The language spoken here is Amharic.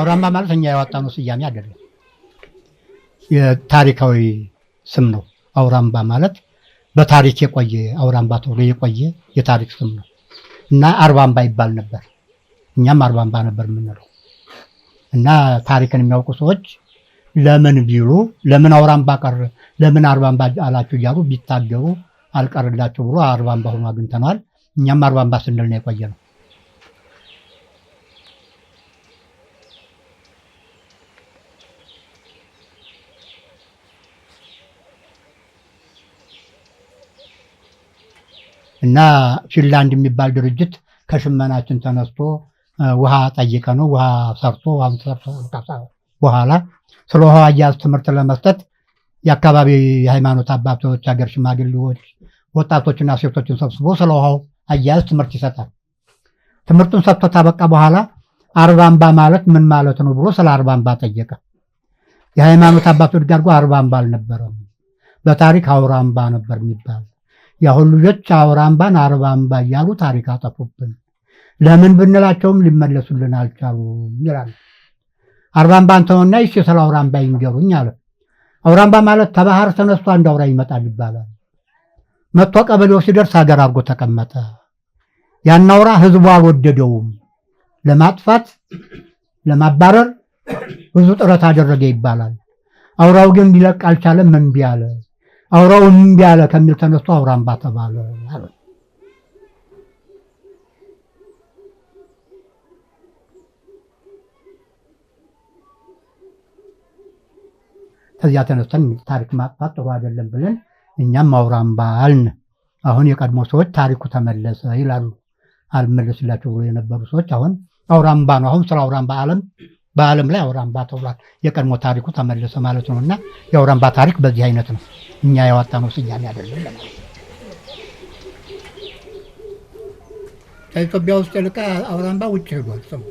አውራምባ ማለት እኛ ያወጣነው ስያሜ አይደለም፣ የታሪካዊ ስም ነው። አውራምባ ማለት በታሪክ የቆየ አውራምባ ተብሎ የቆየ የታሪክ ስም ነው እና አርባምባ ይባል ነበር። እኛም አርባምባ ነበር የምንለው እና ታሪክን የሚያውቁ ሰዎች ለምን ቢሉ ለምን አውራምባ ቀር ለምን አርባምባ አላችሁ እያሉ ቢታገሩ አልቀርላችሁ ብሎ አርባምባ ሆኖ አግኝተነዋል። እኛም አርባምባ ስንል ነው የቆየ ነው። እና ፊንላንድ የሚባል ድርጅት ከሽመናችን ተነስቶ ውሃ ጠይቀ ነው ውሃ ሰርቶ በኋላ ስለ ውሃ አያያዝ ትምህርት ለመስጠት የአካባቢ የሃይማኖት አባቶች፣ ሀገር ሽማግሌዎች፣ ወጣቶችና ሴቶችን ሰብስቦ ስለ ውሃው አያያዝ ትምህርት ይሰጣል። ትምህርቱን ሰጥቶ ታበቃ በኋላ አርባምባ ማለት ምን ማለት ነው ብሎ ስለ አርባምባ ጠየቀ። የሃይማኖት አባቶች ጋር አርባምባ አልነበረም፣ በታሪክ አውራምባ ነበር የሚባል የአሁን ልጆች አውራምባን አምባን እያሉ ታሪክ አጠፉብን። ለምን ብንላቸውም ሊመለሱልን አልቻሉም ይላል። አርባምባን አምባ ይስ ስለ አውራምባ ይንገሩኝ አለ። አውራምባ ማለት ተባህር ተነስቶ አንድ አውራ ይመጣል ይባላል። መጥቶ ቀበሌው ሲደርስ ሀገር አድርጎ ተቀመጠ። ያን አውራ ህዝቡ አልወደደውም። ለማጥፋት ለማባረር ብዙ ጥረት አደረገ ይባላል። አውራው ግን ሊለቅ አልቻለም። እምቢ አለ። አውራው እምቢ አለ ከሚል ተነስቶ አውራምባ እምባ ከዚያ ተነስተን ታሪክ ማጥፋት ጥሩ አይደለም ብለን እኛም አውራ አልን። አሁን የቀድሞ ሰዎች ታሪኩ ተመለሰ ይላሉ። አልመለስላቸው ብሎ የነበሩ ሰዎች አሁን አውራምባ ነው። አሁን ስለ አውራምባ አለም በዓለም ላይ አውራምባ ተብሏል። የቀድሞ ታሪኩ ተመለሰ ማለት ነው እና የአውራምባ ታሪክ በዚህ አይነት ነው። እኛ ያወጣነው ስያሜ አይደለም ለማለት ከኢትዮጵያ ውስጥ ልቃ አውራምባ ውጭ ሄዷል ሰው